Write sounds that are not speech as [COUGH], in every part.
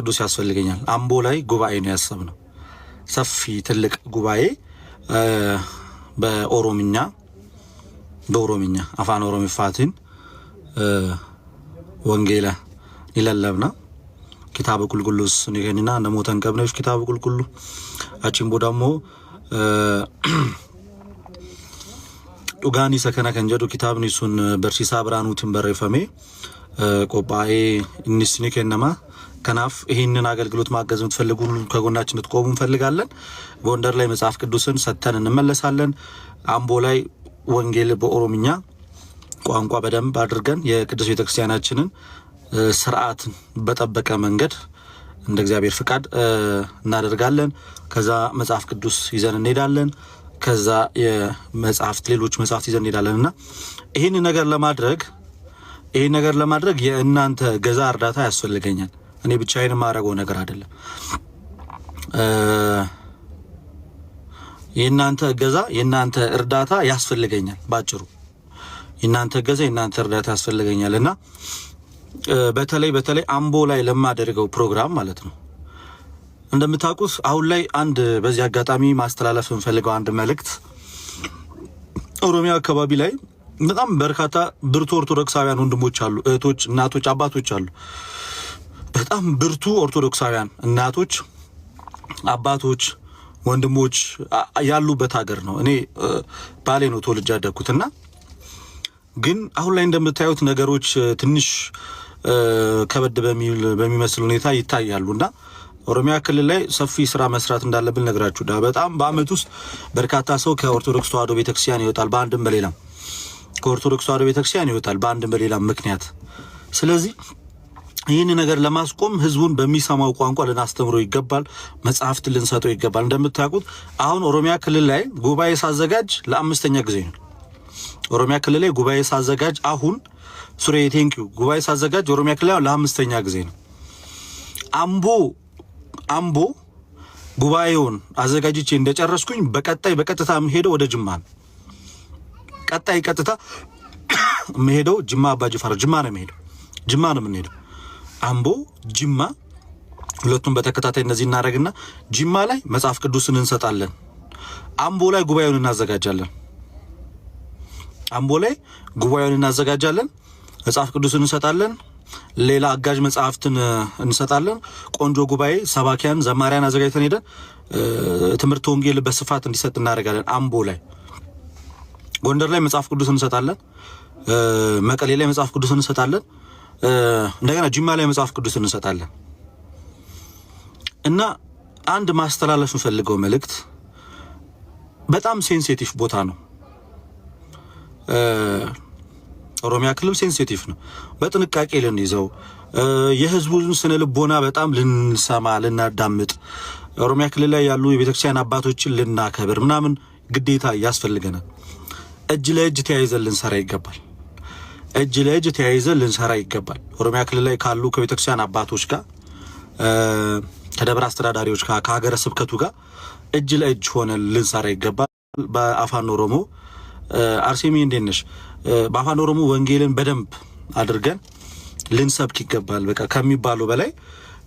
ቅዱስ ያስፈልገኛል። አምቦ ላይ ጉባኤ ነው ያሰብነው፣ ሰፊ ትልቅ ጉባኤ በኦሮምኛ በኦሮምኛ አፋን ኦሮሚፋቲን ወንጌላ ይለለብና ኪታብ ቁልቁሉስ ንገኝና ነሞተን ቀብነዎች ኪታብ ቁልቁሉ አቺምቦ ደግሞ ዱጋኒ ሰከነ ከንጀዱ ኪታብን ሱን በርሲሳ ብራኑትን በሬፈሜ ቆጳኤ እኒስኒ ከነማ ከናፍ ይህንን አገልግሎት ማገዝ የምትፈልጉ ከጎናችን እንድትቆሙ እንፈልጋለን። ጎንደር ላይ መጽሐፍ ቅዱስን ሰጥተን እንመለሳለን። አምቦ ላይ ወንጌል በኦሮምኛ ቋንቋ በደንብ አድርገን የቅዱስ ቤተክርስቲያናችንን ስርዓት በጠበቀ መንገድ እንደ እግዚአብሔር ፍቃድ እናደርጋለን። ከዛ መጽሐፍ ቅዱስ ይዘን እንሄዳለን። ከዛ የመጽሐፍት ሌሎች መጽሐፍት ይዘን እንሄዳለን እና ይህን ነገር ለማድረግ ይህን ነገር ለማድረግ የእናንተ ገዛ እርዳታ ያስፈልገኛል። እኔ ብቻዬን የማደርገው ነገር አይደለም። የእናንተ እገዛ የእናንተ እርዳታ ያስፈልገኛል። ባጭሩ የእናንተ እገዛ የእናንተ እርዳታ ያስፈልገኛል እና በተለይ በተለይ አምቦ ላይ ለማደርገው ፕሮግራም ማለት ነው። እንደምታውቁት አሁን ላይ አንድ በዚህ አጋጣሚ ማስተላለፍ የምፈልገው አንድ መልእክት ኦሮሚያ አካባቢ ላይ በጣም በርካታ ብርቱ ኦርቶዶክሳውያን ወንድሞች አሉ፣ እህቶች፣ እናቶች፣ አባቶች አሉ። በጣም ብርቱ ኦርቶዶክሳውያን እናቶች፣ አባቶች፣ ወንድሞች ያሉበት ሀገር ነው። እኔ ባሌ ነው ተወልጄ ያደግኩትና ግን አሁን ላይ እንደምታዩት ነገሮች ትንሽ ከበድ በሚመስል ሁኔታ እና ኦሮሚያ ክልል ላይ ሰፊ ስራ መስራት እንዳለብን ነግራችሁ በጣም በአመት ውስጥ በርካታ ሰው ከኦርቶዶክስ ተዋህዶ ቤተክርስቲያን ይወጣል፣ በአንድም በሌላም ከኦርቶዶክስ ተዋሕዶ ቤተክርስቲያን ይወጣል፣ በአንድም በሌላም ምክንያት ስለዚህ ይህን ነገር ለማስቆም ህዝቡን በሚሰማው ቋንቋ ልናስተምረው ይገባል። መጽሐፍት ልንሰጠው ይገባል። እንደምታውቁት አሁን ኦሮሚያ ክልል ላይ ጉባኤ ሳዘጋጅ ለአምስተኛ ጊዜ ነው። ኦሮሚያ ክልል ላይ ጉባኤ ሳዘጋጅ አሁን ሱሬ ቴንኪዩ ጉባኤ ሳዘጋጅ ኦሮሚያ ክልል ላይ ለአምስተኛ ጊዜ ነው። አምቦ አምቦ ጉባኤውን አዘጋጅቼ እንደጨረስኩኝ በቀጣይ በቀጥታ የምሄደው ወደ ጅማ ነው። ቀጣይ ቀጥታ [COUGHS] የምሄደው ጅማ አባጅፋር ጅማ ነው የምሄደው ጅማ ነው የምንሄደው አምቦ፣ ጅማ ሁለቱም በተከታታይ እነዚህ እናደርግና ጅማ ላይ መጽሐፍ ቅዱስን እንሰጣለን። አምቦ ላይ ጉባኤውን እናዘጋጃለን። አምቦ ላይ ጉባኤውን እናዘጋጃለን። መጽሐፍ ቅዱስን እንሰጣለን። ሌላ አጋዥ መጽሐፍትን እንሰጣለን። ቆንጆ ጉባኤ ሰባኪያን፣ ዘማሪያን አዘጋጅተን ሄደን ትምህርት ወንጌል በስፋት እንዲሰጥ እናደርጋለን። አምቦ ላይ፣ ጎንደር ላይ መጽሐፍ ቅዱስ እንሰጣለን። መቀሌ ላይ መጽሐፍ ቅዱስ እንሰጣለን። እንደገና ጅማ ላይ መጽሐፍ ቅዱስ እንሰጣለን እና አንድ ማስተላለፍ እንፈልገው መልእክት በጣም ሴንሲቲቭ ቦታ ነው። ኦሮሚያ ክልል ሴንሲቲቭ ነው። በጥንቃቄ ልንይዘው የህዝቡን ስነ ልቦና በጣም ልንሰማ ልናዳምጥ፣ ኦሮሚያ ክልል ላይ ያሉ የቤተክርስቲያን አባቶችን ልናከብር ምናምን ግዴታ ያስፈልገናል። እጅ ለእጅ ተያይዘን ልንሰራ ይገባል። እጅ ለእጅ ተያይዘን ልንሰራ ይገባል። ኦሮሚያ ክልል ላይ ካሉ ከቤተክርስቲያን አባቶች ጋር ከደብረ አስተዳዳሪዎች ጋር ከሀገረ ስብከቱ ጋር እጅ ለእጅ ሆነን ልንሰራ ይገባል። በአፋን ኦሮሞ አርሴሚ እንዴት ነሽ? በአፋን ኦሮሞ ወንጌልን በደንብ አድርገን ልንሰብክ ይገባል። በቃ ከሚባሉ በላይ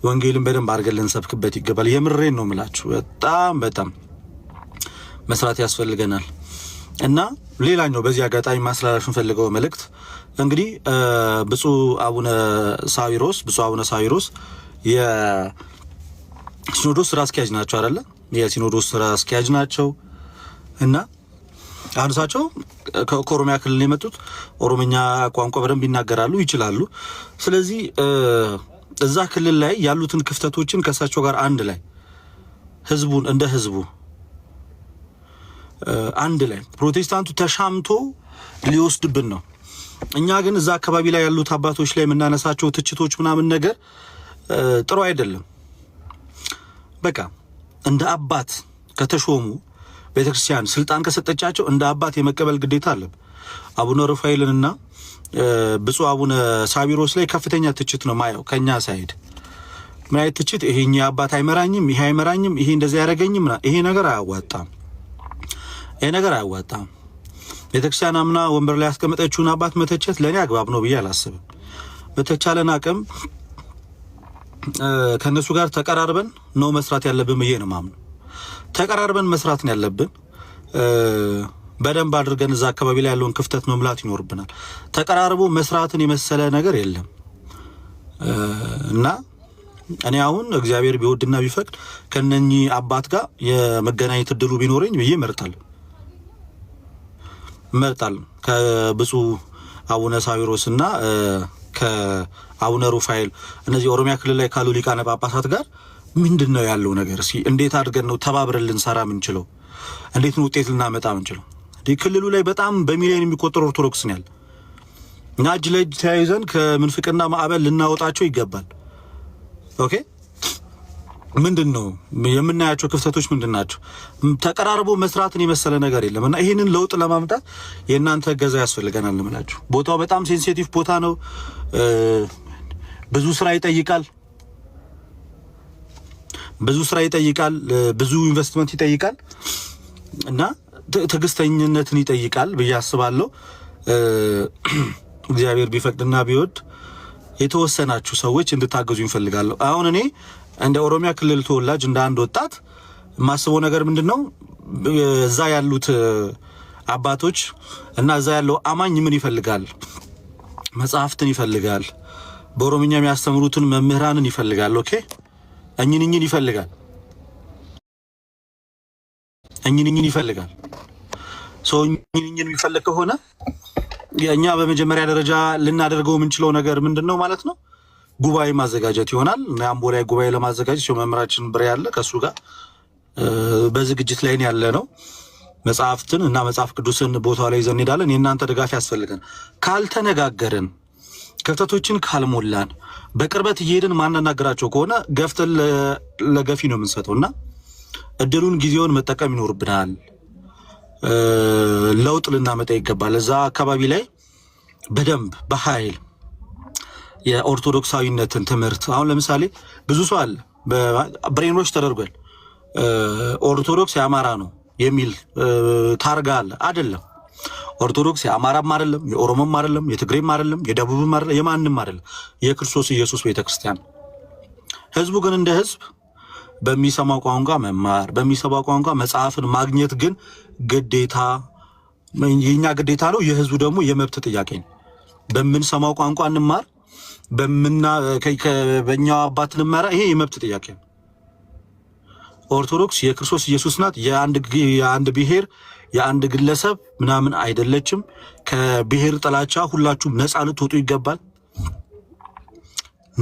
ወንጌልን በደንብ አድርገን ልንሰብክበት ይገባል። የምሬን ነው ምላችሁ። በጣም በጣም መስራት ያስፈልገናል። እና ሌላኛው በዚህ አጋጣሚ ማስተላለፍ እንፈልገው መልእክት እንግዲህ ብፁዕ አቡነ ሳዊሮስ ብፁዕ አቡነ ሳዊሮስ የሲኖዶስ ስራ አስኪያጅ ናቸው አይደለ? የሲኖዶስ ስራ አስኪያጅ ናቸው እና አሁን እሳቸው ከኦሮሚያ ክልል የመጡት ኦሮምኛ ቋንቋ በደንብ ይናገራሉ ይችላሉ። ስለዚህ እዛ ክልል ላይ ያሉትን ክፍተቶችን ከእሳቸው ጋር አንድ ላይ ህዝቡን እንደ ህዝቡ አንድ ላይ ፕሮቴስታንቱ ተሻምቶ ሊወስድብን ነው። እኛ ግን እዛ አካባቢ ላይ ያሉት አባቶች ላይ የምናነሳቸው ትችቶች ምናምን ነገር ጥሩ አይደለም። በቃ እንደ አባት ከተሾሙ ቤተክርስቲያን ስልጣን ከሰጠቻቸው እንደ አባት የመቀበል ግዴታ አለብ። አቡነ ሩፋኤልንና ብፁ አቡነ ሳቢሮስ ላይ ከፍተኛ ትችት ነው ማየው ከኛ ሳይድ ምን አይነት ትችት ይሄኛ አባት አይመራኝም፣ ይሄ አይመራኝም፣ ይሄ እንደዚህ ያደረገኝም ይሄ ነገር አያዋጣም። ይህ ነገር አያዋጣም። ቤተክርስቲያን አምና ወንበር ላይ ያስቀመጠችውን አባት መተቸት ለእኔ አግባብ ነው ብዬ አላስብም። በተቻለን አቅም ከእነሱ ጋር ተቀራርበን ነው መስራት ያለብን ብዬ ነው ማምነው። ተቀራርበን መስራትን ያለብን። በደንብ አድርገን እዛ አካባቢ ላይ ያለውን ክፍተት መምላት ይኖርብናል። ተቀራርቦ መስራትን የመሰለ ነገር የለም እና እኔ አሁን እግዚአብሔር ቢወድና ቢፈቅድ ከነኚህ አባት ጋር የመገናኘት እድሉ ቢኖረኝ ብዬ እመርጣለሁ። መርጣል ከብፁዕ አቡነ ሳዊሮስ እና ከአቡነ ሩፋኤል እነዚህ ኦሮሚያ ክልል ላይ ካሉ ሊቃነ ጳጳሳት ጋር ምንድን ነው ያለው ነገር? እስኪ እንዴት አድርገን ነው ተባብረን ልንሰራ ምንችለው? እንዴት ነው ውጤት ልናመጣ ምንችለው? ክልሉ ላይ በጣም በሚሊዮን የሚቆጠሩ ኦርቶዶክስ ያል እና እጅ ለእጅ ተያይዘን ከምንፍቅና ማዕበል ልናወጣቸው ይገባል። ኦኬ ምንድን ነው የምናያቸው ክፍተቶች ምንድን ናቸው? ተቀራርቦ መስራትን የመሰለ ነገር የለም እና ይህንን ለውጥ ለማምጣት የእናንተ እገዛ ያስፈልገናል። ምላችሁ ቦታው በጣም ሴንሲቲቭ ቦታ ነው። ብዙ ስራ ይጠይቃል። ብዙ ስራ ይጠይቃል። ብዙ ኢንቨስትመንት ይጠይቃል እና ትዕግስተኝነትን ይጠይቃል ብዬ አስባለሁ። እግዚአብሔር ቢፈቅድና ቢወድ የተወሰናችሁ ሰዎች እንድታገዙ ይፈልጋለሁ። አሁን እኔ እንደ ኦሮሚያ ክልል ተወላጅ እንደ አንድ ወጣት የማስበው ነገር ምንድን ነው? እዛ ያሉት አባቶች እና እዛ ያለው አማኝ ምን ይፈልጋል? መጽሐፍትን ይፈልጋል። በኦሮምኛ የሚያስተምሩትን መምህራንን ይፈልጋል። ኦኬ እኝንኝን ይፈልጋል። እኝንኝን ይፈልጋል። ሰው እኝንኝን የሚፈልግ ከሆነ እኛ በመጀመሪያ ደረጃ ልናደርገው የምንችለው ነገር ምንድን ነው ማለት ነው ጉባኤ ማዘጋጀት ይሆናል እና አምቦ ላይ ጉባኤ ለማዘጋጀት መምህራችን ብሬ ያለ ከእሱ ጋር በዝግጅት ላይ ያለ ነው። መጽሐፍትን እና መጽሐፍ ቅዱስን ቦታ ላይ ይዘን እንሄዳለን። የእናንተ ድጋፍ ያስፈልገን። ካልተነጋገርን፣ ክፍተቶችን ካልሞላን፣ በቅርበት እየሄድን ማናናገራቸው ከሆነ ገፍተን ለገፊ ነው የምንሰጠው እና እድሉን ጊዜውን መጠቀም ይኖርብናል። ለውጥ ልናመጣ ይገባል። እዛ አካባቢ ላይ በደንብ በኃይል የኦርቶዶክሳዊነትን ትምህርት አሁን ለምሳሌ ብዙ ሰው አለ ብሬኖች ተደርጓል። ኦርቶዶክስ የአማራ ነው የሚል ታርጋ አለ። አይደለም ኦርቶዶክስ የአማራም አይደለም፣ የኦሮሞም አይደለም፣ የትግሬም አይደለም፣ የደቡብም አይደለም፣ የማንም አይደለም። የክርስቶስ ኢየሱስ ቤተክርስቲያን። ህዝቡ ግን እንደ ህዝብ በሚሰማው ቋንቋ መማር፣ በሚሰማው ቋንቋ መጽሐፍን ማግኘት ግን ግዴታ የኛ ግዴታ ነው። የህዝቡ ደግሞ የመብት ጥያቄ ነው። በምንሰማው ቋንቋ እንማር በእኛው አባት ልመራ፣ ይሄ የመብት ጥያቄ ነው። ኦርቶዶክስ የክርስቶስ ኢየሱስ ናት። የአንድ ብሔር የአንድ ግለሰብ ምናምን አይደለችም። ከብሔር ጥላቻ ሁላችሁም ነፃ ልትወጡ ይገባል።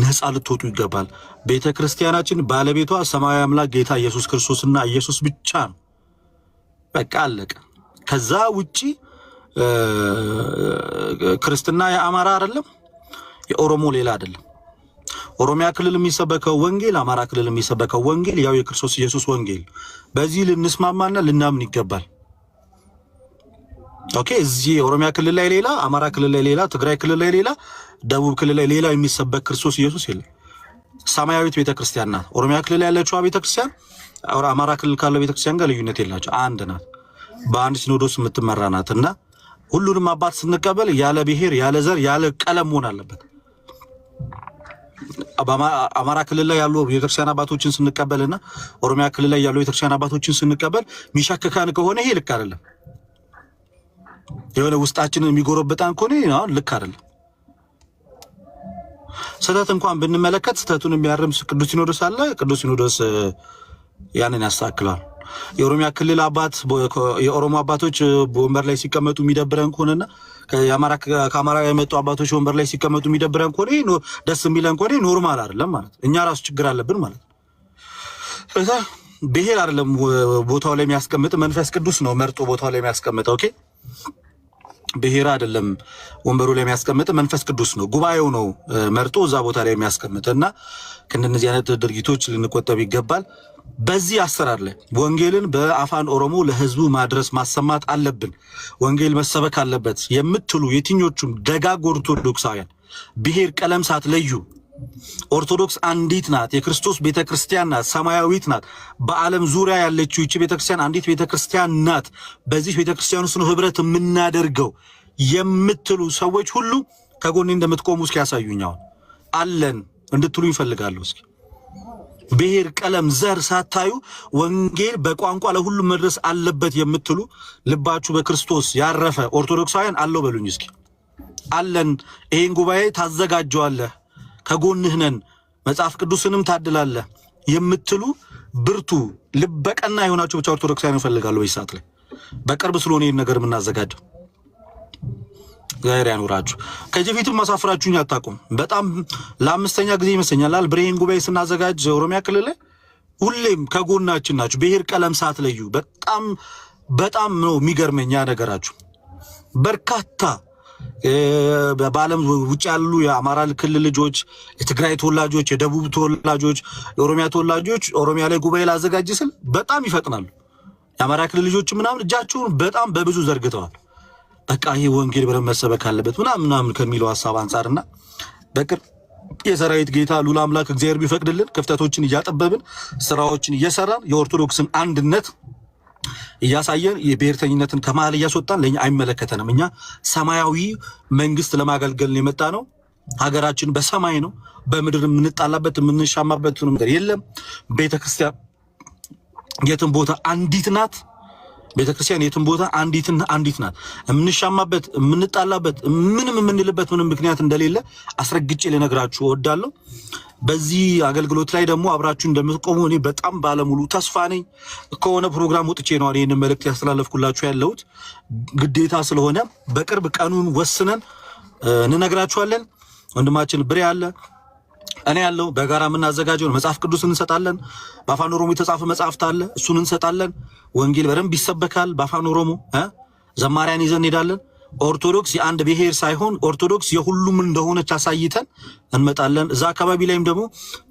ነፃ ልትወጡ ይገባል። ቤተ ክርስቲያናችን ባለቤቷ ሰማያዊ አምላክ ጌታ ኢየሱስ ክርስቶስና ኢየሱስ ብቻ ነው። በቃ አለቀ። ከዛ ውጪ ክርስትና የአማራ አይደለም። የኦሮሞ ሌላ አይደለም። ኦሮሚያ ክልል የሚሰበከው ወንጌል፣ አማራ ክልል የሚሰበከው ወንጌል ያው የክርስቶስ ኢየሱስ ወንጌል። በዚህ ልንስማማና ልናምን ይገባል። ኦኬ። እዚህ የኦሮሚያ ክልል ላይ ሌላ፣ አማራ ክልል ላይ ሌላ፣ ትግራይ ክልል ላይ ሌላ፣ ደቡብ ክልል ላይ ሌላ የሚሰበክ ክርስቶስ ኢየሱስ የለም። ሰማያዊት ቤተክርስቲያን ናት። ኦሮሚያ ክልል ያለችዋ ቤተክርስቲያን አማራ ክልል ካለው ቤተክርስቲያን ጋር ልዩነት የላቸው፣ አንድ ናት። በአንድ ሲኖዶስ የምትመራ ናት እና ሁሉንም አባት ስንቀበል ያለ ብሔር፣ ያለ ዘር፣ ያለ ቀለም መሆን አለበት። አማራ ክልል ላይ ያሉ የቤተክርስቲያን አባቶችን ስንቀበልና ኦሮሚያ ክልል ላይ ያሉ የቤተክርስቲያን አባቶችን ስንቀበል ሚሻከካን ከሆነ ይሄ ልክ አይደለም። የሆነ ውስጣችንን የሚጎረብጣን ከሆነ ልክ አይደለም። ስህተት እንኳን ብንመለከት ስህተቱን የሚያርም ቅዱስ ሲኖዶስ አለ። ቅዱስ ሲኖዶስ ያንን ያስተካክላል። የኦሮሚያ ክልል አባት የኦሮሞ አባቶች ወንበር ላይ ሲቀመጡ የሚደብረን ከሆነና ከአማራ የመጡ አባቶች ወንበር ላይ ሲቀመጡ የሚደብረን ከሆነ ደስ የሚለን ከሆነ ኖርማል አይደለም ማለት እኛ ራሱ ችግር አለብን ማለት ነው። ብሄር አይደለም ቦታው ላይ የሚያስቀምጥ መንፈስ ቅዱስ ነው መርጦ ቦታው ላይ የሚያስቀምጠው። ኦኬ ብሄር አይደለም ወንበሩ ላይ የሚያስቀምጥ መንፈስ ቅዱስ ነው፣ ጉባኤው ነው መርጦ እዛ ቦታ ላይ የሚያስቀምጥ እና ከእንደነዚህ አይነት ድርጊቶች ልንቆጠብ ይገባል። በዚህ አሰራር ላይ ወንጌልን በአፋን ኦሮሞ ለህዝቡ ማድረስ ማሰማት አለብን። ወንጌል መሰበክ አለበት የምትሉ የትኞቹም ደጋግ ኦርቶዶክሳውያን ብሔር፣ ቀለም ሳትለዩ ኦርቶዶክስ አንዲት ናት። የክርስቶስ ቤተ ክርስቲያን ናት። ሰማያዊት ናት። በዓለም ዙሪያ ያለችው ይቺ ቤተ ክርስቲያን አንዲት ቤተ ክርስቲያን ናት። በዚህ ቤተ ክርስቲያን ውስጥ ነው ህብረት የምናደርገው የምትሉ ሰዎች ሁሉ ከጎኔ እንደምትቆሙ እስኪያሳዩኛውን አለን እንድትሉ ይፈልጋለሁ። እስኪ ብሔር፣ ቀለም፣ ዘር ሳታዩ ወንጌል በቋንቋ ለሁሉም መድረስ አለበት የምትሉ ልባችሁ በክርስቶስ ያረፈ ኦርቶዶክሳውያን አለው በሉኝ እስኪ። አለን፣ ይህን ጉባኤ ታዘጋጀዋለህ፣ ከጎንህ ነን፣ መጽሐፍ ቅዱስንም ታድላለህ የምትሉ ብርቱ ልበቀና የሆናችሁ ብቻ ኦርቶዶክሳውያን ይፈልጋሉ። በዚህ ሰዓት ላይ በቅርብ ስለሆነ ይህን ነገር የምናዘጋጀው እግዚአብሔር ያኖራችሁ። ከዚህ በፊትም አሳፍራችሁኝ አታውቁም። በጣም ለአምስተኛ ጊዜ ይመስለኛል ብሬን ጉባኤ ስናዘጋጅ ኦሮሚያ ክልል ሁሌም ከጎናችን ናችሁ። ብሔር ቀለም ሳትለዩ በጣም በጣም ነው የሚገርመኝ ያ ነገራችሁ። በርካታ በዓለም ውጭ ያሉ የአማራ ክልል ልጆች፣ የትግራይ ተወላጆች፣ የደቡብ ተወላጆች፣ የኦሮሚያ ተወላጆች ኦሮሚያ ላይ ጉባኤ ላዘጋጅ ስል በጣም ይፈጥናሉ። የአማራ ክልል ልጆች ምናምን እጃቸውን በጣም በብዙ ዘርግተዋል። በቃ ይህ ወንጌል በደንብ መሰበክ አለበት ምናምን ምናምን ከሚለው ሀሳብ አንጻርና በቅርብ የሰራዊት ጌታ ሉላ አምላክ እግዚአብሔር ቢፈቅድልን ክፍተቶችን እያጠበብን ስራዎችን እየሰራን የኦርቶዶክስን አንድነት እያሳየን የብሔርተኝነትን ከመሀል እያስወጣን ለእኛ አይመለከተንም። እኛ ሰማያዊ መንግስት ለማገልገል የመጣ ነው። ሀገራችን በሰማይ ነው። በምድር የምንጣላበት የምንሻማበት ነገር የለም። ቤተክርስቲያን የትም ቦታ አንዲት ናት። ቤተክርስቲያን የትም ቦታ አንዲትን አንዲት ናት። የምንሻማበት፣ የምንጣላበት፣ ምንም የምንልበት ምንም ምክንያት እንደሌለ አስረግጬ ልነግራችሁ እወዳለሁ። በዚህ አገልግሎት ላይ ደግሞ አብራችሁ እንደምትቆሙ እኔ በጣም ባለሙሉ ተስፋ ነኝ። ከሆነ ፕሮግራም ወጥቼ ነው ይህን መልእክት ያስተላለፍኩላችሁ ያለሁት ግዴታ ስለሆነ በቅርብ ቀኑን ወስነን እንነግራችኋለን። ወንድማችን ብሬ አለ እኔ ያለው በጋራ የምናዘጋጀውን መጽሐፍ ቅዱስ እንሰጣለን። በአፋን ኦሮሞ የተጻፈ መጽሐፍት አለ፣ እሱን እንሰጣለን። ወንጌል በደንብ ይሰበካል በአፋን ኦሮሞ። ዘማሪያን ይዘን እንሄዳለን። ኦርቶዶክስ የአንድ ብሔር ሳይሆን ኦርቶዶክስ የሁሉም እንደሆነች አሳይተን እንመጣለን። እዛ አካባቢ ላይም ደግሞ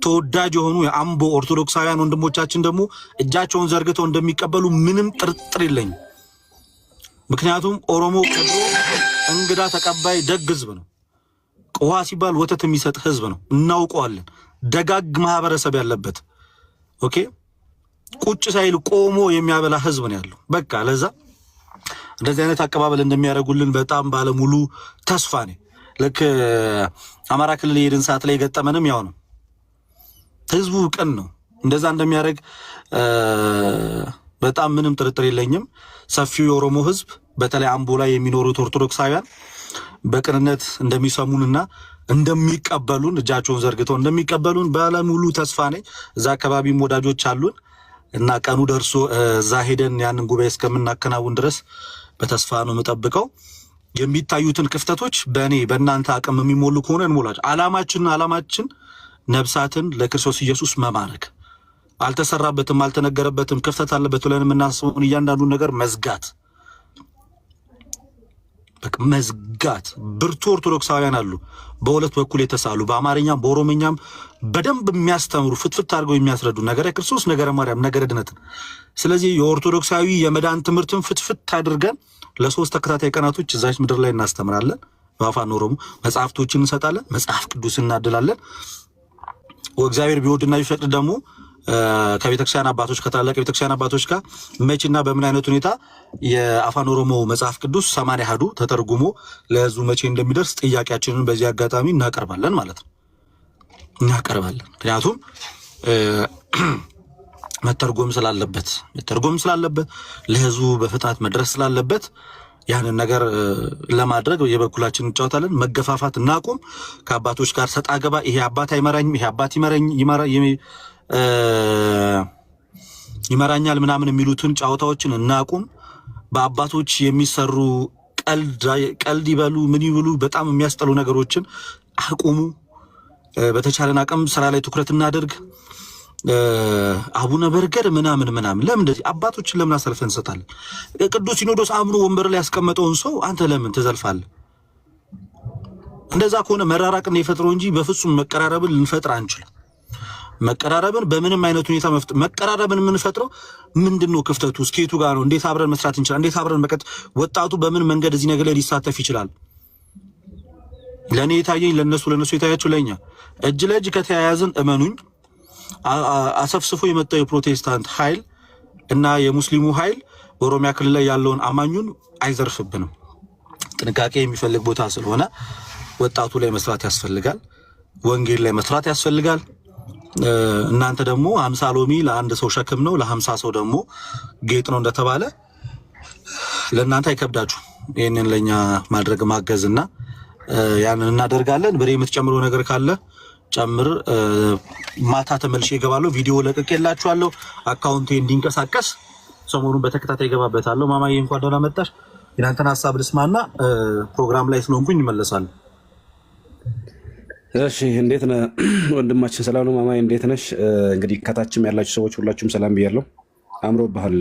ተወዳጅ የሆኑ የአምቦ ኦርቶዶክሳውያን ወንድሞቻችን ደግሞ እጃቸውን ዘርግተው እንደሚቀበሉ ምንም ጥርጥር የለኝም። ምክንያቱም ኦሮሞ እንግዳ ተቀባይ ደግ ህዝብ ነው። ውሃ ሲባል ወተት የሚሰጥ ህዝብ ነው፣ እናውቀዋለን። ደጋግ ማህበረሰብ ያለበት ኦኬ፣ ቁጭ ሳይል ቆሞ የሚያበላ ህዝብ ነው ያለው። በቃ ለዛ እንደዚህ አይነት አቀባበል እንደሚያደርጉልን በጣም ባለሙሉ ተስፋ ነኝ። ልክ አማራ ክልል የሄድን ሰዓት ላይ የገጠመንም ያው ነው። ህዝቡ ቅን ነው፣ እንደዛ እንደሚያደርግ በጣም ምንም ጥርጥር የለኝም። ሰፊው የኦሮሞ ህዝብ በተለይ አምቦ ላይ የሚኖሩት ኦርቶዶክሳውያን በቅንነት እንደሚሰሙንና እንደሚቀበሉን እጃቸውን ዘርግተው እንደሚቀበሉን ባለሙሉ ተስፋ ነኝ። እዛ አካባቢም ወዳጆች አሉን እና ቀኑ ደርሶ እዛ ሄደን ያንን ጉባኤ እስከምናከናውን ድረስ በተስፋ ነው የምጠብቀው። የሚታዩትን ክፍተቶች በእኔ በእናንተ አቅም የሚሞሉ ከሆነ እንሞላቸው። አላማችን አላማችን ነብሳትን ለክርስቶስ ኢየሱስ መማረክ አልተሰራበትም፣ አልተነገረበትም፣ ክፍተት አለበት ብለን የምናስበውን እያንዳንዱን ነገር መዝጋት መዝጋት ብርቱ ኦርቶዶክሳውያን አሉ። በሁለት በኩል የተሳሉ በአማርኛም በኦሮምኛም በደንብ የሚያስተምሩ ፍትፍት አድርገው የሚያስረዱ ነገረ ክርስቶስ፣ ነገረ ማርያም፣ ነገረ ድነትን። ስለዚህ የኦርቶዶክሳዊ የመዳን ትምህርትን ፍትፍት አድርገን ለሶስት ተከታታይ ቀናቶች እዛች ምድር ላይ እናስተምራለን። በአፋን ኦሮሞ መጽሐፍቶችን እንሰጣለን። መጽሐፍ ቅዱስ እናድላለን። እግዚአብሔር ቢወድና ቢፈቅድ ደግሞ ከቤተክርስቲያን አባቶች ከታላቅ ቤተክርስቲያን አባቶች ጋር መቼና በምን አይነት ሁኔታ የአፋን ኦሮሞ መጽሐፍ ቅዱስ ሰማንያ አሐዱ ተተርጉሞ ለህዝቡ መቼ እንደሚደርስ ጥያቄያችንን በዚህ አጋጣሚ እናቀርባለን ማለት ነው እናቀርባለን። ምክንያቱም መተርጎም ስላለበት መተርጎም ስላለበት ለህዝቡ በፍጥነት መድረስ ስላለበት ያንን ነገር ለማድረግ የበኩላችን እንጫወታለን። መገፋፋት እናቁም። ከአባቶች ጋር ሰጣ ገባ ይሄ አባት አይመራኝም፣ ይሄ አባት ይመራኝ ይመራኛል ምናምን የሚሉትን ጨዋታዎችን እናቁም። በአባቶች የሚሰሩ ቀልድ ይበሉ ምን ይብሉ በጣም የሚያስጠሉ ነገሮችን አቁሙ። በተቻለን አቅም ስራ ላይ ትኩረት እናደርግ። አቡነ በርገር ምናምን ምናምን ለምን እንደዚህ አባቶችን ለምን አሰልፈ እንሰጣለን? ቅዱስ ሲኖዶስ አምኖ ወንበር ላይ ያስቀመጠውን ሰው አንተ ለምን ትዘልፋለህ? እንደዛ ከሆነ መራራቅን የፈጥረው እንጂ በፍጹም መቀራረብን ልንፈጥር አንችልም። መቀራረብን በምንም አይነት ሁኔታ መፍጠር መቀራረብን የምንፈጥረው ምንድን ነው? ክፍተቱ እስኬቱ ጋር ነው። እንዴት አብረን መስራት እንችላል እንዴት አብረን መቀጥ ወጣቱ በምን መንገድ እዚህ ነገር ላይ ሊሳተፍ ይችላል? ለእኔ የታየኝ ለነሱ ለነሱ የታያቸው ለእኛ እጅ ለእጅ ከተያያዝን እመኑኝ አሰፍስፎ የመጣው የፕሮቴስታንት ኃይል እና የሙስሊሙ ኃይል በኦሮሚያ ክልል ላይ ያለውን አማኙን አይዘርፍብንም። ጥንቃቄ የሚፈልግ ቦታ ስለሆነ ወጣቱ ላይ መስራት ያስፈልጋል። ወንጌል ላይ መስራት ያስፈልጋል። እናንተ ደግሞ አምሳ ሎሚ ለአንድ ሰው ሸክም ነው፣ ለሀምሳ ሰው ደግሞ ጌጥ ነው እንደተባለ ለእናንተ አይከብዳችሁ። ይህንን ለእኛ ማድረግ ማገዝ እና ያንን እናደርጋለን። ብሬ የምትጨምረው ነገር ካለ ጨምር። ማታ ተመልሼ እገባለሁ። ቪዲዮ ለቅቄላችኋለሁ። አካውንቴ እንዲንቀሳቀስ ሰሞኑን በተከታታይ እገባበታለሁ። ማማዬ እንኳን ደህና መጣሽ። የናንተን ሀሳብ ልስማና ፕሮግራም ላይ ስለሆንኩኝ ይመለሳለሁ። እሺ እንዴት ነህ [CLEARS THROAT] ወንድማችን? ሰላም ነው ማማዬ፣ እንዴት ነሽ? እንግዲህ ከታችም ያላችሁ ሰዎች ሁላችሁም ሰላም ብያለሁ። አምሮብሃል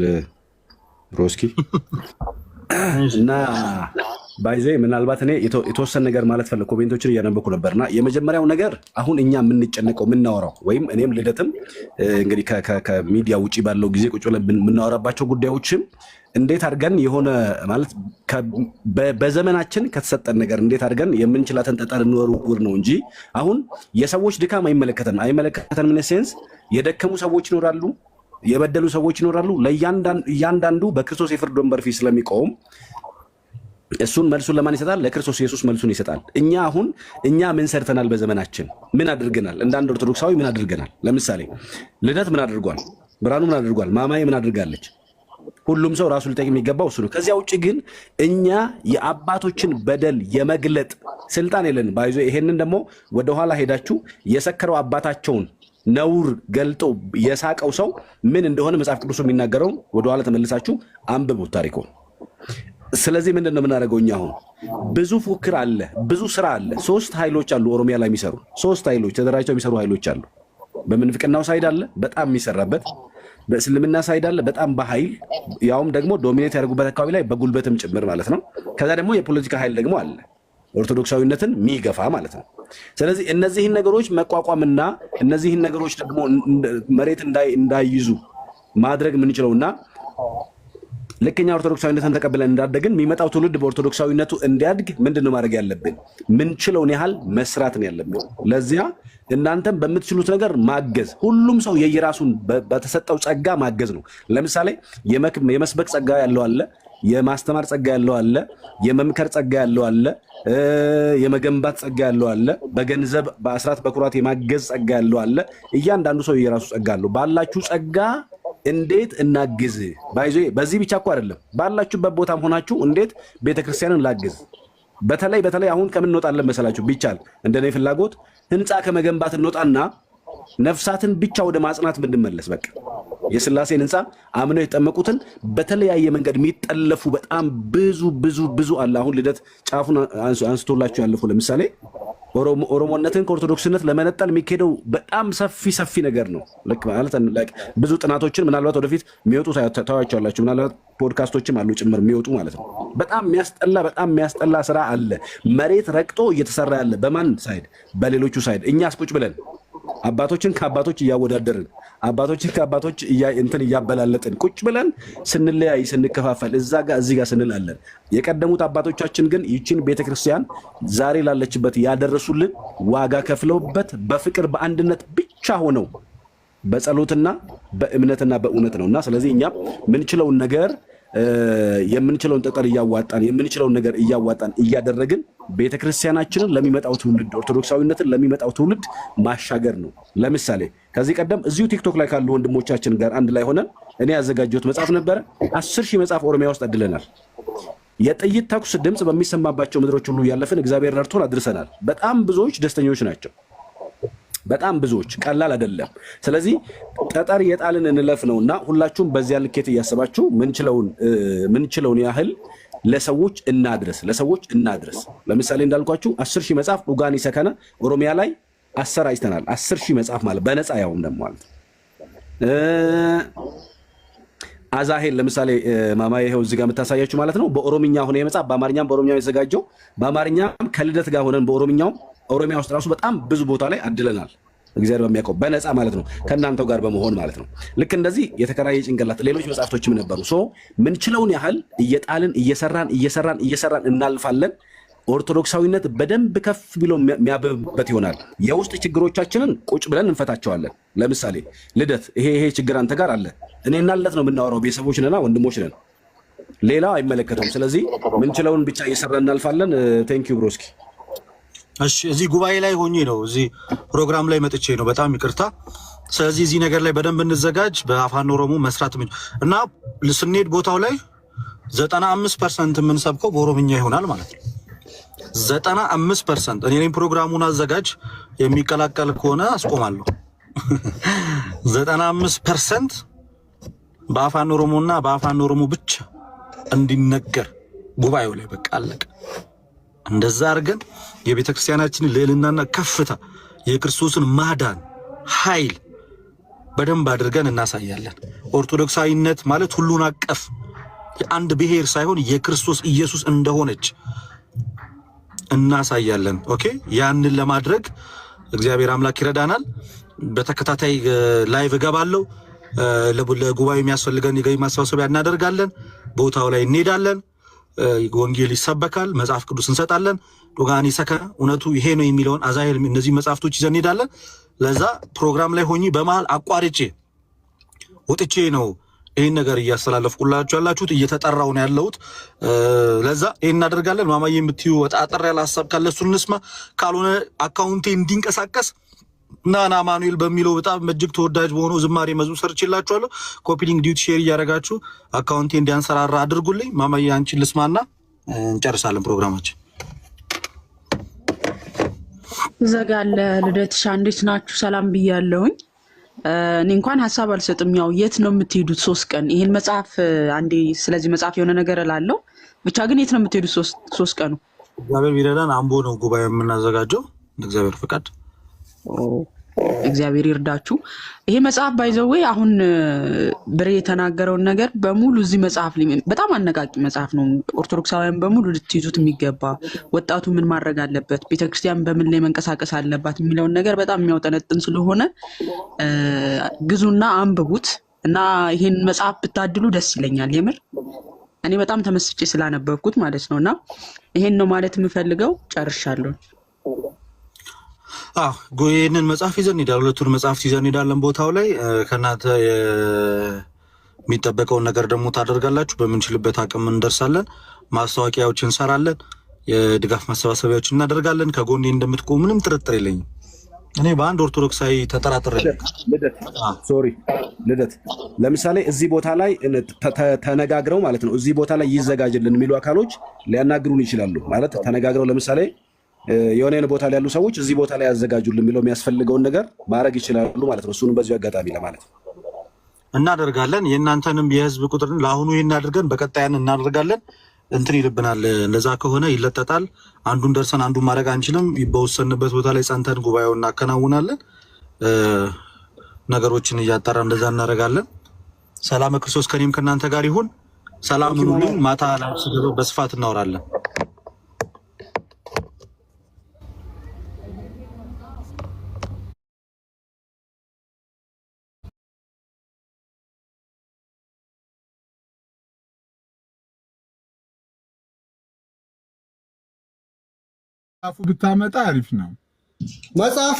ብሮስኪ [CLEARS THROAT] እና ባይዘ ምናልባት እኔ የተወሰነ ነገር ማለት ፈለግ ኮሜንቶችን እያነበኩ ነበር እና የመጀመሪያው ነገር አሁን እኛ የምንጨነቀው የምናወራው ወይም እኔም ልደትም እንግዲህ ከሚዲያ ውጭ ባለው ጊዜ ቁጭ ብለን የምናወራባቸው ጉዳዮችም እንዴት አድርገን የሆነ ማለት በዘመናችን ከተሰጠን ነገር እንዴት አድርገን የምንችላትን ጠጠር እንወርውር ነው እንጂ አሁን የሰዎች ድካም አይመለከተን አይመለከተን። ምን ሴንስ የደከሙ ሰዎች ይኖራሉ፣ የበደሉ ሰዎች ይኖራሉ። ለእያንዳንዱ በክርስቶስ የፍርድ ወንበር ፊት ስለሚቆም እሱን መልሱን ለማን ይሰጣል? ለክርስቶስ ኢየሱስ መልሱን ይሰጣል። እኛ አሁን እኛ ምን ሰርተናል? በዘመናችን ምን አድርገናል? እንደ አንድ ኦርቶዶክሳዊ ምን አድርገናል? ለምሳሌ ልደት ምን አድርጓል? ብርሃኑ ምን አድርጓል? ማማዬ ምን አድርጋለች? ሁሉም ሰው ራሱ ሊጠይቅ የሚገባው እሱ ነው። ከዚያ ውጭ ግን እኛ የአባቶችን በደል የመግለጥ ስልጣን የለን ባይዞ ይሄንን ደግሞ ወደኋላ ሄዳችሁ የሰከረው አባታቸውን ነውር ገልጦ የሳቀው ሰው ምን እንደሆነ መጽሐፍ ቅዱስ የሚናገረው ወደኋላ ተመልሳችሁ አንብቡት ታሪኮ። ስለዚህ ምንድን ነው የምናደርገው እኛ? አሁን ብዙ ፉክር አለ፣ ብዙ ስራ አለ። ሶስት ኃይሎች አሉ ኦሮሚያ ላይ የሚሰሩ ሶስት ኃይሎች ተደራጅተው የሚሰሩ ኃይሎች አሉ። በምንፍቅናው ሳይድ አለ በጣም የሚሰራበት በእስልምና ሳይድ አለ በጣም በኃይል ያውም ደግሞ ዶሚኔት ያደርጉበት አካባቢ ላይ በጉልበትም ጭምር ማለት ነው። ከዛ ደግሞ የፖለቲካ ኃይል ደግሞ አለ ኦርቶዶክሳዊነትን ሚገፋ ማለት ነው። ስለዚህ እነዚህን ነገሮች መቋቋምና እነዚህን ነገሮች ደግሞ መሬት እንዳይይዙ ማድረግ የምንችለውና ልክኛ ኦርቶዶክሳዊነትን ተቀብለን እንዳደግን የሚመጣው ትውልድ በኦርቶዶክሳዊነቱ እንዲያድግ ምንድን ነው ማድረግ ያለብን? ምንችለውን ያህል መስራት ነው ያለብን። ለዚያ እናንተም በምትችሉት ነገር ማገዝ፣ ሁሉም ሰው የየራሱን በተሰጠው ጸጋ ማገዝ ነው። ለምሳሌ የመስበክ ጸጋ ያለው አለ፣ የማስተማር ጸጋ ያለው አለ፣ የመምከር ጸጋ ያለው አለ፣ የመገንባት ጸጋ ያለው አለ፣ በገንዘብ በአስራት በኩራት የማገዝ ጸጋ ያለው አለ። እያንዳንዱ ሰው የየራሱ ጸጋ አለው። ባላችሁ ጸጋ እንዴት እናግዝ ባይዞ በዚህ ብቻ እኮ አይደለም። ባላችሁበት ቦታም ሆናችሁ እንዴት ቤተክርስቲያንን ላግዝ። በተለይ በተለይ አሁን ከምን እንወጣለን መሰላችሁ? ቢቻል እንደኔ ፍላጎት ህንፃ ከመገንባት እንወጣና ነፍሳትን ብቻ ወደ ማጽናት ምንመለስ በቃ የስላሴን ህንፃ አምነው የተጠመቁትን በተለያየ መንገድ የሚጠለፉ በጣም ብዙ ብዙ ብዙ አለ። አሁን ልደት ጫፉን አንስቶላችሁ ያለፉ ለምሳሌ ኦሮሞነትን ከኦርቶዶክስነት ለመነጠል የሚካሄደው በጣም ሰፊ ሰፊ ነገር ነው። ልክ ማለት ብዙ ጥናቶችን ምናልባት ወደፊት የሚወጡ ታያቸዋላችሁ። ምናልባት ፖድካስቶችም አሉ ጭምር የሚወጡ ማለት ነው። በጣም የሚያስጠላ በጣም የሚያስጠላ ስራ አለ መሬት ረግጦ እየተሰራ ያለ በማን ሳይድ? በሌሎቹ ሳይድ እኛ አስቁጭ ብለን አባቶችን ከአባቶች እያወዳደርን አባቶችን ከአባቶች እንትን እያበላለጥን ቁጭ ብለን ስንለያይ ስንከፋፈል እዛ ጋ እዚህ ጋር ስንላለን። የቀደሙት አባቶቻችን ግን ይችን ቤተክርስቲያን ዛሬ ላለችበት ያደረሱልን ዋጋ ከፍለውበት በፍቅር በአንድነት ብቻ ሆነው በጸሎትና በእምነትና በእውነት ነው እና ስለዚህ እኛም ምንችለውን ነገር የምንችለውን ጠጠር እያዋጣን የምንችለውን ነገር እያዋጣን እያደረግን ቤተክርስቲያናችንን ለሚመጣው ትውልድ ኦርቶዶክሳዊነትን ለሚመጣው ትውልድ ማሻገር ነው። ለምሳሌ ከዚህ ቀደም እዚሁ ቲክቶክ ላይ ካሉ ወንድሞቻችን ጋር አንድ ላይ ሆነን እኔ ያዘጋጀሁት መጽሐፍ ነበረ። አስር ሺህ መጽሐፍ ኦሮሚያ ውስጥ አድለናል። የጥይት ተኩስ ድምፅ በሚሰማባቸው ምድሮች ሁሉ ያለፍን እግዚአብሔር ረድቶን አድርሰናል። በጣም ብዙዎች ደስተኞች ናቸው። በጣም ብዙዎች ቀላል አይደለም። ስለዚህ ጠጠር የጣልን እንለፍ ነው እና ሁላችሁም በዚያ ልኬት እያሰባችሁ ምንችለውን ያህል ለሰዎች እናድረስ፣ ለሰዎች እናድረስ። ለምሳሌ እንዳልኳችሁ አስር ሺህ መጽሐፍ ኡጋኒ ሰከነ ኦሮሚያ ላይ አሰራጭተናል። አስር ሺህ መጽሐፍ ማለት በነፃ ያውም ደግሞ ማለት አዛሄል ለምሳሌ ማማ ይኸው እዚህ ጋር የምታሳያችሁ ማለት ነው። በኦሮምኛ ሆነ የመጽሐፍ በአማርኛም በኦሮምኛም የተዘጋጀው በአማርኛም ከልደት ጋር ሆነን በኦሮምኛውም ኦሮሚያ ውስጥ ራሱ በጣም ብዙ ቦታ ላይ አድለናል። እግዚአብሔር በሚያውቀው በነፃ ማለት ነው፣ ከእናንተው ጋር በመሆን ማለት ነው። ልክ እንደዚህ የተከራየ ጭንቅላት ሌሎች መጽሐፍቶችም ነበሩ። ሶ ምንችለውን ያህል እየጣልን እየሰራን እየሰራን እየሰራን እናልፋለን። ኦርቶዶክሳዊነት በደንብ ከፍ ብሎ የሚያብብበት ይሆናል። የውስጥ ችግሮቻችንን ቁጭ ብለን እንፈታቸዋለን። ለምሳሌ ልደት፣ ይሄ ይሄ ችግር አንተ ጋር አለ። እኔ እናለት ነው የምናወራው፣ ወንድሞች ነን፣ ሌላ አይመለከተውም። ስለዚህ ምንችለውን ብቻ እየሰራን እናልፋለን። ቴንኪዩ ብሮስኪ እሺ እዚህ ጉባኤ ላይ ሆኜ ነው፣ እዚህ ፕሮግራም ላይ መጥቼ ነው። በጣም ይቅርታ። ስለዚህ እዚህ ነገር ላይ በደንብ እንዘጋጅ። በአፋን ኦሮሞ መስራት እና ስንሄድ ቦታው ላይ ዘጠና አምስት ፐርሰንት የምንሰብከው በኦሮምኛ ይሆናል ማለት ነው። ዘጠና አምስት ፐርሰንት እኔም ፕሮግራሙን አዘጋጅ የሚቀላቀል ከሆነ አስቆማለሁ። [LAUGHS] ዘጠና አምስት ፐርሰንት በአፋን ኦሮሞ እና በአፋን ኦሮሞ ብቻ እንዲነገር ጉባኤው ላይ በቃ አለቀ። እንደዛ አድርገን የቤተ ክርስቲያናችንን ልዕልናና ከፍታ የክርስቶስን ማዳን ኃይል በደንብ አድርገን እናሳያለን። ኦርቶዶክሳዊነት ማለት ሁሉን አቀፍ የአንድ ብሔር ሳይሆን የክርስቶስ ኢየሱስ እንደሆነች እናሳያለን። ኦኬ፣ ያንን ለማድረግ እግዚአብሔር አምላክ ይረዳናል። በተከታታይ ላይቭ እገባለሁ። ለጉባኤ የሚያስፈልገን የገቢ ማሰባሰቢያ እናደርጋለን። ቦታው ላይ እንሄዳለን። ወንጌል ይሰበካል። መጽሐፍ ቅዱስ እንሰጣለን። ዶጋኒ ሰከ እውነቱ ይሄ ነው የሚለውን አዛሄል እነዚህ መጽሐፍቶች ይዘን እንሄዳለን። ለዛ ፕሮግራም ላይ ሆኜ በመሀል አቋርጬ ወጥቼ ነው ይህን ነገር እያስተላለፍኩላችሁ ያላችሁት እየተጠራው ነው ያለሁት። ለዛ ይህን እናደርጋለን። ማማዬ የምትዩ ወጣጠር ያለ ሀሳብ ካለ እሱን እንስማ፣ ካልሆነ አካውንቴ እንዲንቀሳቀስ ናና ና ማኑኤል በሚለው በጣም እጅግ ተወዳጅ በሆነው ዝማሬ መዝሙር ሰርችላችኋለሁ። ኮፒሊንግ ዲዩቲ ሼር እያደረጋችሁ አካውንቴ እንዲያንሰራራ አድርጉልኝ። ማማዬ አንቺን ልስማና እንጨርሳለን ፕሮግራማችን። ዘጋለ ልደትሻ እንዴት ናችሁ? ሰላም ብያለሁኝ። እኔ እንኳን ሀሳብ አልሰጥም። ያው የት ነው የምትሄዱት ሶስት ቀን ይህን መጽሐፍ አንዴ ስለዚህ መጽሐፍ የሆነ ነገር እላለሁ። ብቻ ግን የት ነው የምትሄዱት ሶስት ቀኑ? እግዚአብሔር ቢረዳን አምቦ ነው ጉባኤ የምናዘጋጀው እግዚአብሔር ፍቃድ እግዚአብሔር ይርዳችሁ። ይሄ መጽሐፍ ባይዘዌ አሁን ብሬ የተናገረውን ነገር በሙሉ እዚህ መጽሐፍ በጣም አነቃቂ መጽሐፍ ነው። ኦርቶዶክሳውያን በሙሉ ልትይዙት የሚገባ ወጣቱ ምን ማድረግ አለበት፣ ቤተክርስቲያን በምን ላይ መንቀሳቀስ አለባት የሚለውን ነገር በጣም የሚያውጠነጥን ስለሆነ ግዙና አንብቡት እና ይሄን መጽሐፍ ብታድሉ ደስ ይለኛል። የምር እኔ በጣም ተመስጬ ስላነበብኩት ማለት ነው። እና ይሄን ነው ማለት የምፈልገው። ጨርሻለሁ። ይህንን መጽሐፍ ይዘን እንሄዳለን። ሁለቱን መጽሐፍት ይዘን እንሄዳለን። ቦታው ላይ ከእናንተ የሚጠበቀውን ነገር ደግሞ ታደርጋላችሁ። በምንችልበት አቅም እንደርሳለን። ማስታወቂያዎች እንሰራለን። የድጋፍ ማሰባሰቢያዎች እናደርጋለን። ከጎን እንደምትቆሙ ምንም ጥርጥር የለኝም። እኔ በአንድ ኦርቶዶክሳዊ ተጠራጥሬ ሶሪ ልደት፣ ለምሳሌ እዚህ ቦታ ላይ ተነጋግረው ማለት ነው እዚህ ቦታ ላይ ይዘጋጅልን የሚሉ አካሎች ሊያናግሩን ይችላሉ ማለት ተነጋግረው ለምሳሌ የሆነ ቦታ ላይ ያሉ ሰዎች እዚህ ቦታ ላይ ያዘጋጁልን የሚለው የሚያስፈልገውን ነገር ማድረግ ይችላሉ ማለት ነው። እሱንም በዚሁ አጋጣሚ ለማለት ነው እናደርጋለን። የእናንተንም የህዝብ ቁጥር ለአሁኑ ይህን አድርገን በቀጣያን እናደርጋለን። እንትን ይልብናል። እንደዛ ከሆነ ይለጠጣል። አንዱን ደርሰን አንዱን ማድረግ አንችልም። በወሰንበት ቦታ ላይ ጸንተን ጉባኤው እናከናውናለን። ነገሮችን እያጣራ እንደዛ እናደርጋለን። ሰላም ክርስቶስ ከኔም ከእናንተ ጋር ይሁን። ሰላም ሁሉ ማታ ላስገበው በስፋት እናወራለን። ብታመጣ አሪፍ ነው መጽሐፉ